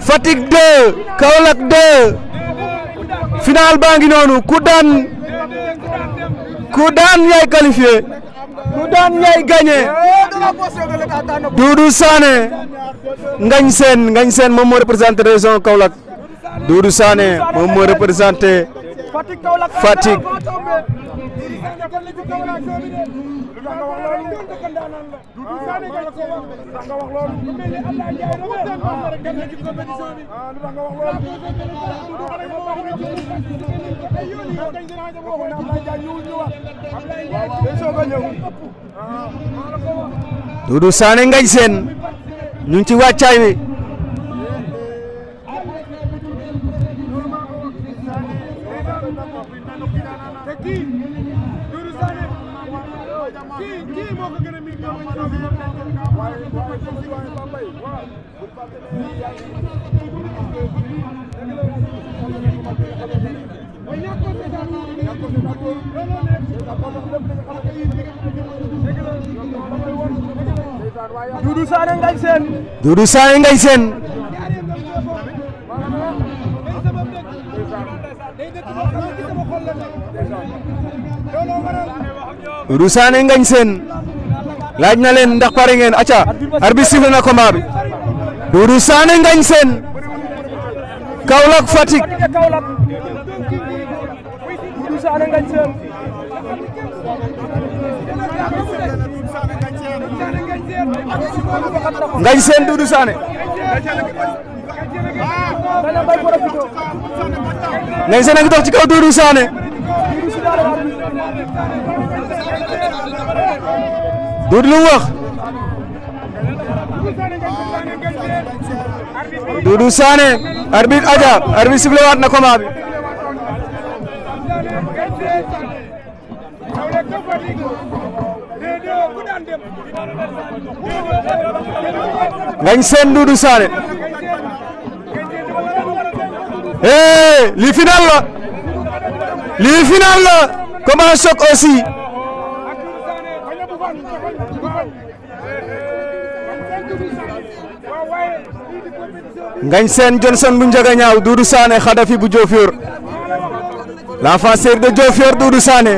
Fatick 2 Kaolack 2 final baa ngi noonu ku daan ku daan yaay qualifié ku daan yaay gagné Doudou Sané Ngagne Sène Ngagne Sène moom moo représenté région Kaolack Doudou Sané moom moo représenté Fatick nga wax loolu lu mel ni Doudou Sané ngay seen Doudou Sen, ngay seen Sen, Sané ngañ seen laaj na leen ndax pare ngeen acca Sen, Kaulak na combat bi Ngagne Sène Doudou Sané Ngagne Sène a ngi dox ci kaw Doudou Sané Doudou lu wax Doudou Sané arbitre aja arbitre sifflé waat na bi ngañ seen dudu saane eh li final la li final la comment choc aussi ngañ seen johnson bu njaga ñaaw dudu saane xadafi bu jofior la facer de jofior dudu saane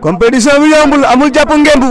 compétition bi yombul amul jàpp ngembu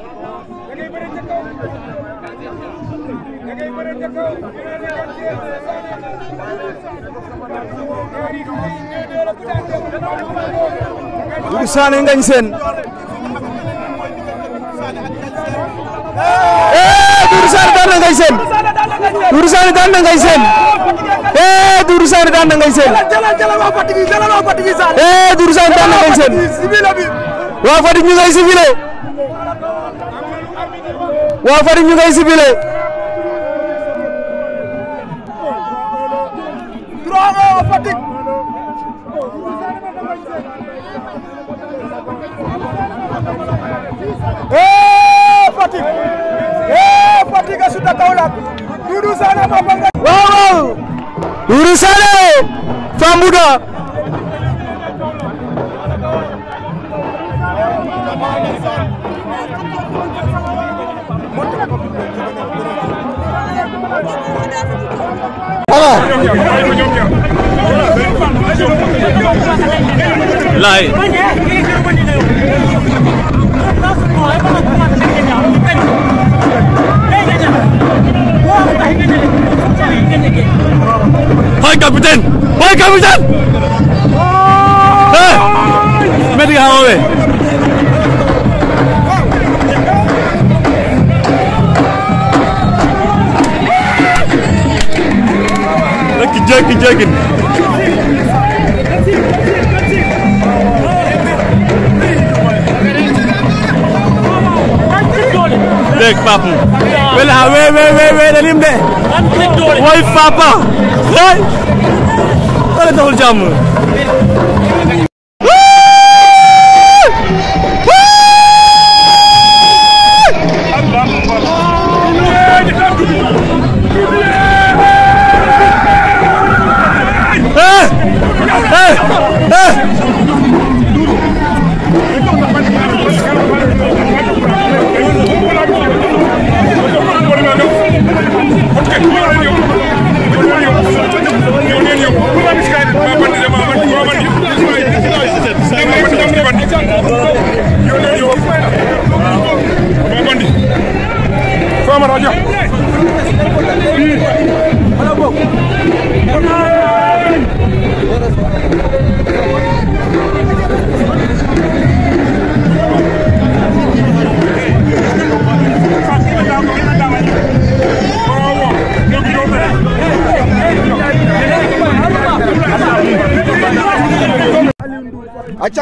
Lagay pa rin ako. eh Doudou Sané daan na Ngagne Sène Doudou Sané eh Doudou Sané daan na eh ngay civilé waa Fatick ñu ngay sibile ee Fatick ee Fatick a suta Kaolack Doudou Sané ma fanga waaw waaw Doudou Sané Fambouda laay Hoi capitaine! Hoi capitaine! Hey! Mẹ đi hào rồi! jéggi jéggi dégg papa we we we we dalim de woy papa woy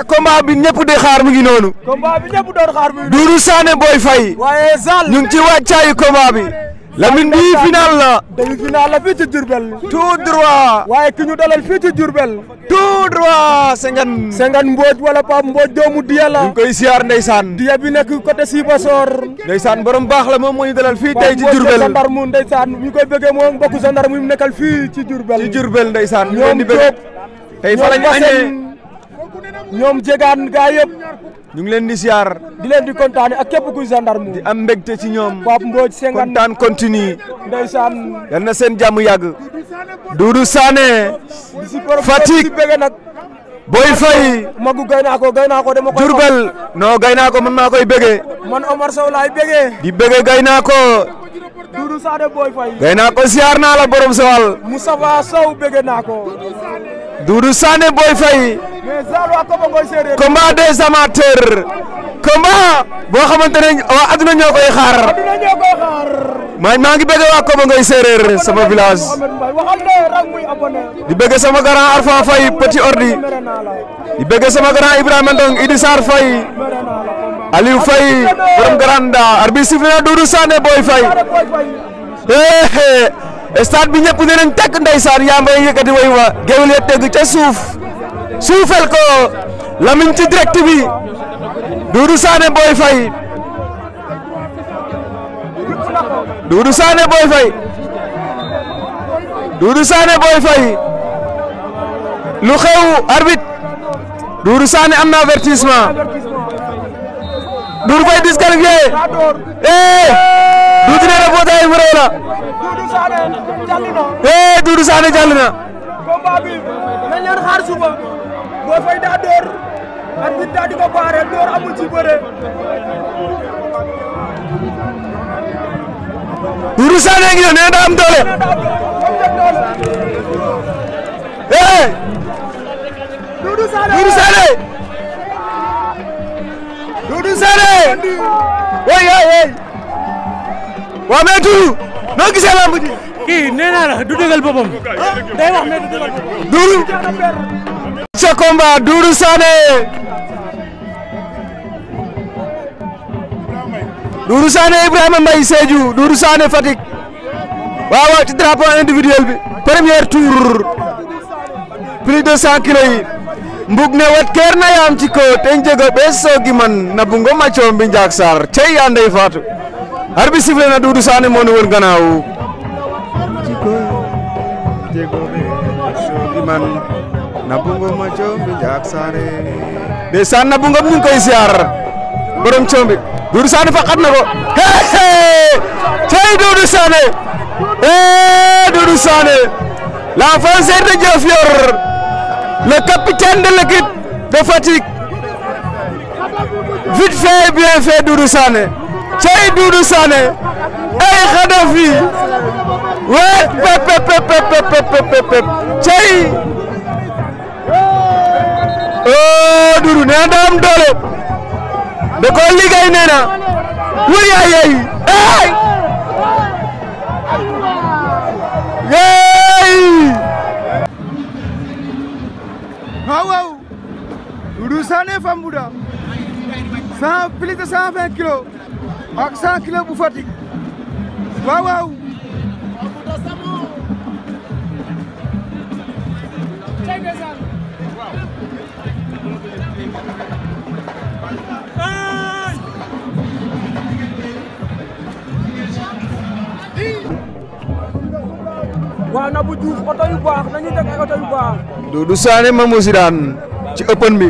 combat bi ñepp di xaar mu ngi nonu combat bi ñepp doon xaar mu ngi duru Sané Boy fay waye Zal ñu ci waccay combat bi. Lamine bi final la. demi final la fi ci Diourbel. tout droit. waye ki ñu dalal fi ci Diourbel. tout droit Senghane. Senghane Mbodj wala Pape Mbodj doomu Diya la. ñu koy siar ndeysaan. Diya bi nek côté Sibassor. ndeysaan borom bax la mom moy dalal fi tay ci Diourbel waaw mu ñu koy bëgge bokku mu nekkal fi ci ci ñu di bëgg tay fa lañu ñom jégan ga yépp ñu ngi leen di ziar di leen di contane ak képp kuy gendarme di am mbégté ci ñom Pape Mbodj sengan contane continue ndaysan yal seen jàmm Sané Boy Fay magu gayna ko gayna ko dama koy durbel no gayna ko man ma koy man Omar Sow lay bege di bege gayna ko Doudou Sané Boy Fay gayna ko siar na la borom sawal mustafa Sow bege nako Doudou Sané Boy Faye combat des amateurs combat boo xamante ne waa adduna ñoo koy xaar maa maa ngi bëgg waa Koba Ngoy Séeréer sama village di bëgg sama grand Arfa Faye Petit Ordi di bëgg sama grand Ibrahima Ndong Idi Sarr Faye Aliou Faye borom Granda arbi sifle na Doudou Sané Boy Faye stade bi ñëpp ne nañ tekk ndeysaan yaa mbay yëkkati way wa ya tëgg ca suuf suufel ko lamiñ ci direct bi Doudou Sané Boy Faye Doudou Sané Boy Faye Doudou Sané Boy Faye lu xew arbitre Doudou Sané am na avertissement Doudou Faye disqualifié eh Doudou nee la eh Doudou Sané jàll na combat bi nañ leen xaar suba boo fay ngi ne nee na doole eh Doudou Sané Abdou Sene way way naa la du dëggal boppam day wax mais du dëggal Ibrahima Mbaye Sédhiou Doudou Sane Fatick waaw waaw ci drapeau premier tour plus de cent kilos mbugne wat kerna yam ci ko ten jego beso giman na bungo bi ndiak sar cey ande fatu arbi sifle na dudu sane moni won ganaw ci ko jego beso giman na bungo bi ndiak jaksare de san na ngam ngi koy siar borom bi dudu sane na ko cey dudu sane eh dudu sane la française de le capitaine de l'équipe de Fatik. vite fait et bien fait Doudou Sané Tchaï Doudou Sané ay Radovi. Ouais, pep pep pep pep, pep, pep, pep, pep, pep. Tchaï. Oh, Doudou nee na am doole da ko liggéey nee Oui, aïe, aïe. yaay femmes Bouddha 100 plus de 120 kilos ak 100 kilos bu Fatick waaw waaw waaw Nabou Diouf oto yu baax nañu teg ay oto yu baax Doudou Sané Mamou Zidane ci open bi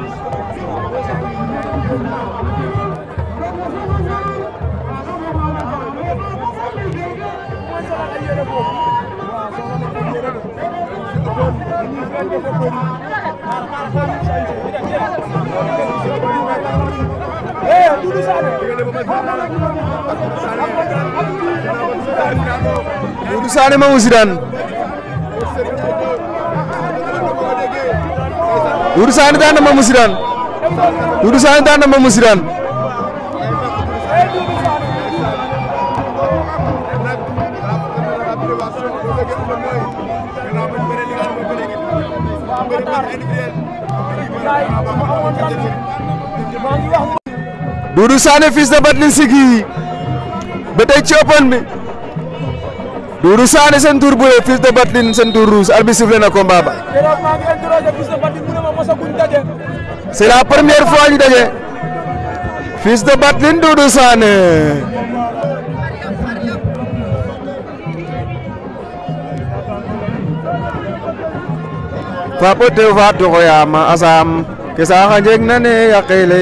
Abdou Sané Mamou Zidane Doudou Sané daan na Mamou Zidane Doudou Sané daan na Mamou Zidane Doudou Sané fils de Batling Sigi ba ci open bi Doudou Sané seen tur bu Fils de Batling seen tur rouge arbitre sifflé na combat ba. c'est la première fois ñu daje. Fils de Batling Doudou Sané. Papo te fa toxoyaama asaam ke saxa njeg na ne yaqeele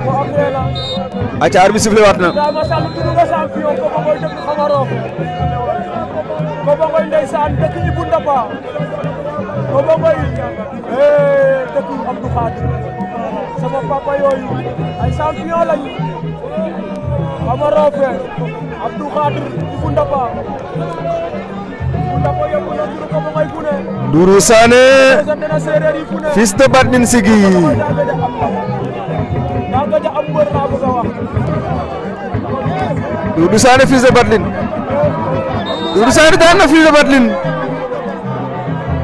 aca arbitre bi sifflé waat na Kobo Ngoy ndeysaan dëkk yi bu Ndapa Kobo Ngoy eh, dëkk Abdou Khadir sama papa yooyu ay champion lañu Amarofe Abdou Khadir bu Ndapa bu Ndapa yóbbu na turu Kobo Ngoy Gune Dourou Sané fils de Batnin Sigi daje am mbër laa bëgg a wax. Doudou Sané daan na fils de Batling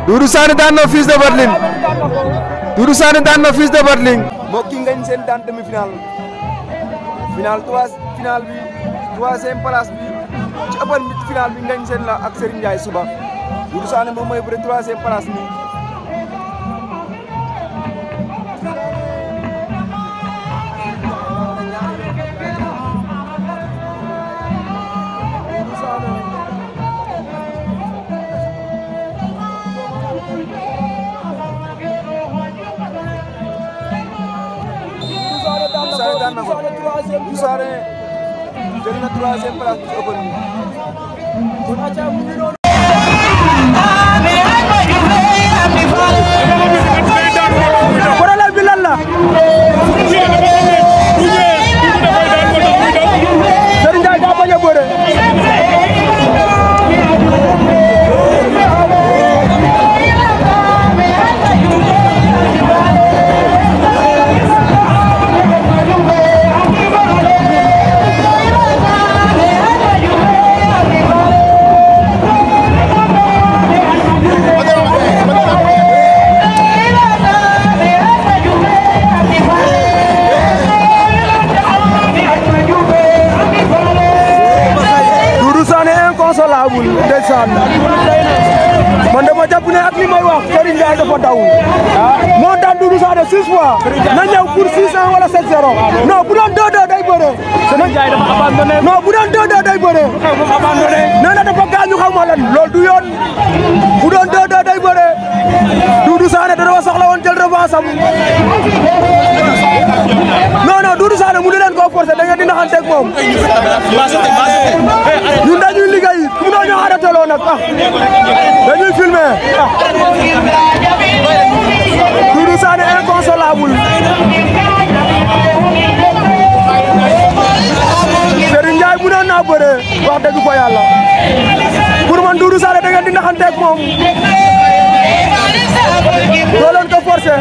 Doudou Sané seen daan demi final final trois final bi troisième place bi ci seen la ak Serigne Ndiaye suba Doudou Sané moom mooy bëre troisième place bi. na ko Moussa René jël na troisième place bi ci open bi kon acca mu ngi noonu moo dawul ah, moo daan Doudou Sané six fois na ñëw pour six cent wala sept zéro non bu doon deux deux day bëree non bu doon deux deux day bu doon deux deux day bëree Doudou Sané da dafa soxla woon jël revanche am forcé da ngeen di naxanteeg moom. ñun dañuy liggéey mu doon ñoo arrêté loo nag ah dañuy filmé ah. Doudou Sané inconsolable. Serigne Ndiaye mënoon naa bëre wax dëgg ko yàlla pour man Doudou Sané da ngeen di naxanteeg moom. doo leen ko forcé.